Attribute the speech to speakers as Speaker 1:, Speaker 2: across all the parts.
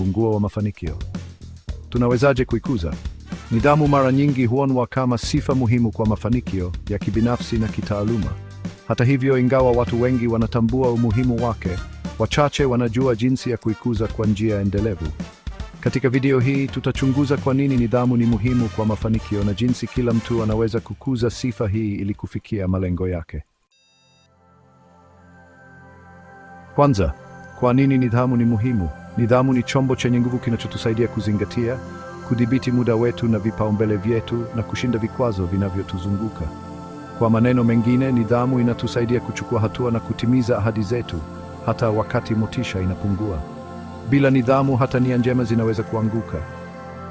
Speaker 1: ufunguo wa mafanikio. Tunawezaje kuikuza? Nidhamu mara nyingi huonwa kama sifa muhimu kwa mafanikio ya kibinafsi na kitaaluma. Hata hivyo, ingawa watu wengi wanatambua umuhimu wake, wachache wanajua jinsi ya kuikuza kwa njia endelevu. Katika video hii tutachunguza kwa nini nidhamu ni muhimu kwa mafanikio na jinsi kila mtu anaweza kukuza sifa hii ili kufikia malengo yake. Kwanza, kwa nini nidhamu ni muhimu? Nidhamu ni chombo chenye nguvu kinachotusaidia kuzingatia, kudhibiti muda wetu na vipaumbele vyetu na kushinda vikwazo vinavyotuzunguka. Kwa maneno mengine, nidhamu inatusaidia kuchukua hatua na kutimiza ahadi zetu hata wakati motisha inapungua. Bila nidhamu, hata nia njema zinaweza kuanguka.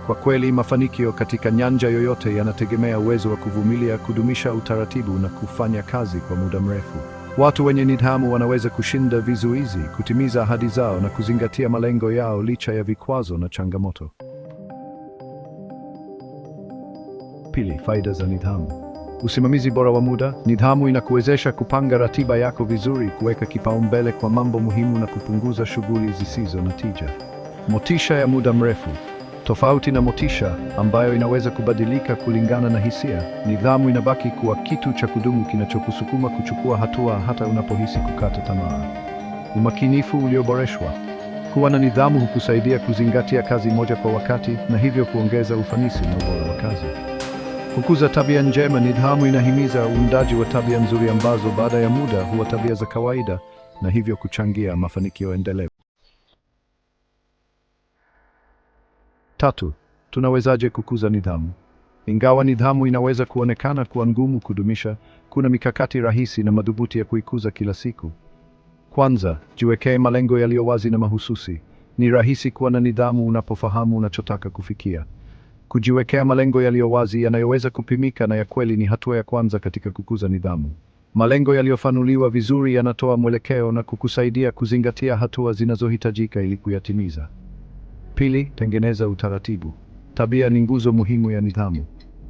Speaker 1: Kwa kweli, mafanikio katika nyanja yoyote yanategemea uwezo wa kuvumilia, kudumisha utaratibu na kufanya kazi kwa muda mrefu. Watu wenye nidhamu wanaweza kushinda vizuizi, kutimiza ahadi zao na kuzingatia malengo yao licha ya vikwazo na changamoto. Pili, faida za nidhamu. Usimamizi bora wa muda. Nidhamu inakuwezesha kupanga ratiba yako vizuri, kuweka kipaumbele kwa mambo muhimu na kupunguza shughuli zisizo na tija. Motisha ya muda mrefu tofauti na motisha ambayo inaweza kubadilika kulingana na hisia. Nidhamu inabaki kuwa kitu cha kudumu kinachokusukuma kuchukua hatua hata unapohisi kukata tamaa. Umakinifu ulioboreshwa. Kuwa na nidhamu hukusaidia kuzingatia kazi moja kwa wakati na hivyo kuongeza ufanisi na ubora wa kazi. Kukuza tabia njema. Nidhamu inahimiza uundaji wa tabia nzuri ambazo baada ya muda huwa tabia za kawaida na hivyo kuchangia mafanikio endelevu. Tatu, tunawezaje kukuza nidhamu? Ingawa nidhamu inaweza kuonekana kuwa ngumu kudumisha, kuna mikakati rahisi na madhubuti ya kuikuza kila siku. Kwanza, jiwekee malengo yaliyo wazi na mahususi. Ni rahisi kuwa na nidhamu unapofahamu unachotaka kufikia. Kujiwekea malengo yaliyo wazi, yanayoweza kupimika na ya kweli, ni hatua ya kwanza katika kukuza nidhamu. Malengo yaliyofanuliwa vizuri yanatoa mwelekeo na kukusaidia kuzingatia hatua zinazohitajika ili kuyatimiza. Pili, tengeneza utaratibu. Tabia ni nguzo muhimu ya nidhamu.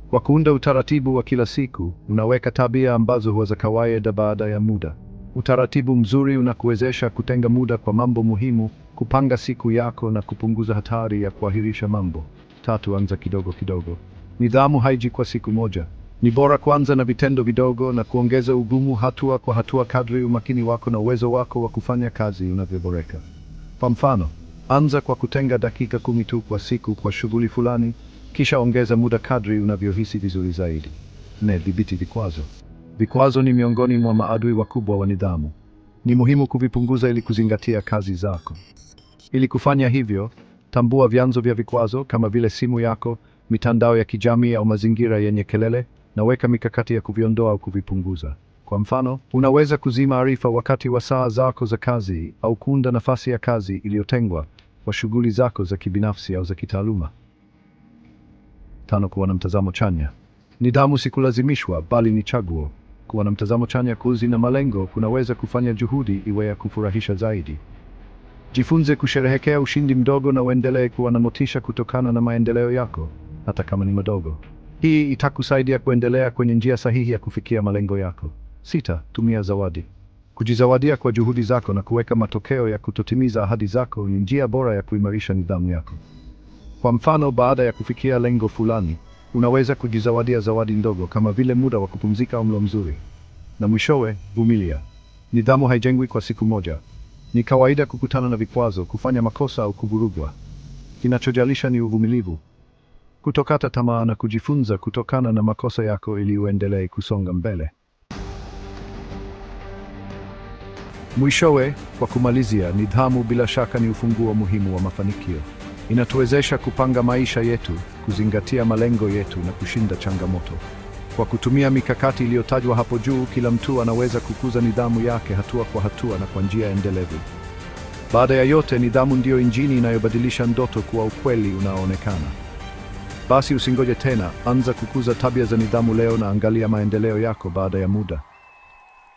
Speaker 1: Kwa kuunda utaratibu wa kila siku, unaweka tabia ambazo huwa za kawaida baada ya muda. Utaratibu mzuri unakuwezesha kutenga muda kwa mambo muhimu, kupanga siku yako na kupunguza hatari ya kuahirisha mambo. Tatu, anza kidogo kidogo. Nidhamu haiji kwa siku moja. Ni bora kuanza na vitendo vidogo na kuongeza ugumu hatua kwa hatua kadri umakini wako na uwezo wako wa kufanya kazi unavyoboreka. Kwa mfano, Anza kwa kutenga dakika kumi tu kwa siku kwa shughuli fulani, kisha ongeza muda kadri unavyohisi vizuri zaidi. Ne, dhibiti vikwazo. Vikwazo ni miongoni mwa maadui wakubwa wa nidhamu. Ni muhimu kuvipunguza ili kuzingatia kazi zako. Ili kufanya hivyo, tambua vyanzo vya vikwazo kama vile simu yako, mitandao ya kijamii au mazingira yenye kelele, na weka mikakati ya kuviondoa au kuvipunguza. Kwa mfano, unaweza kuzima arifa wakati wa saa zako za kazi au kuunda nafasi ya kazi iliyotengwa wa shughuli zako za kibinafsi au za kitaaluma. Tano, kuwa na mtazamo chanya. Nidhamu si kulazimishwa, bali ni chaguo. Kuwa na mtazamo chanya kuzi na malengo kunaweza kufanya juhudi iwe ya kufurahisha zaidi. Jifunze kusherehekea ushindi mdogo na uendelee kuwa na motisha kutokana na maendeleo yako, hata kama ni madogo. Hii itakusaidia kuendelea kwenye njia sahihi ya kufikia malengo yako. Sita, tumia zawadi. Kujizawadia kwa juhudi zako na kuweka matokeo ya kutotimiza ahadi zako ni njia bora ya kuimarisha nidhamu yako. Kwa mfano, baada ya kufikia lengo fulani, unaweza kujizawadia zawadi ndogo kama vile muda wa kupumzika au mlo mzuri. Na mwishowe, vumilia. Nidhamu haijengwi kwa siku moja. Ni kawaida kukutana na vikwazo, kufanya makosa au kuvurugwa. Kinachojalisha ni uvumilivu, kutokata tamaa na kujifunza kutokana na makosa yako ili uendelee kusonga mbele. Mwishowe, kwa kumalizia, nidhamu bila shaka ni ufunguo muhimu wa mafanikio. Inatuwezesha kupanga maisha yetu, kuzingatia malengo yetu na kushinda changamoto. Kwa kutumia mikakati iliyotajwa hapo juu, kila mtu anaweza kukuza nidhamu yake hatua kwa hatua na kwa njia endelevu. Baada ya yote, nidhamu ndiyo injini inayobadilisha ndoto kuwa ukweli unaoonekana. Basi usingoje tena, anza kukuza tabia za nidhamu leo na angalia maendeleo yako baada ya muda.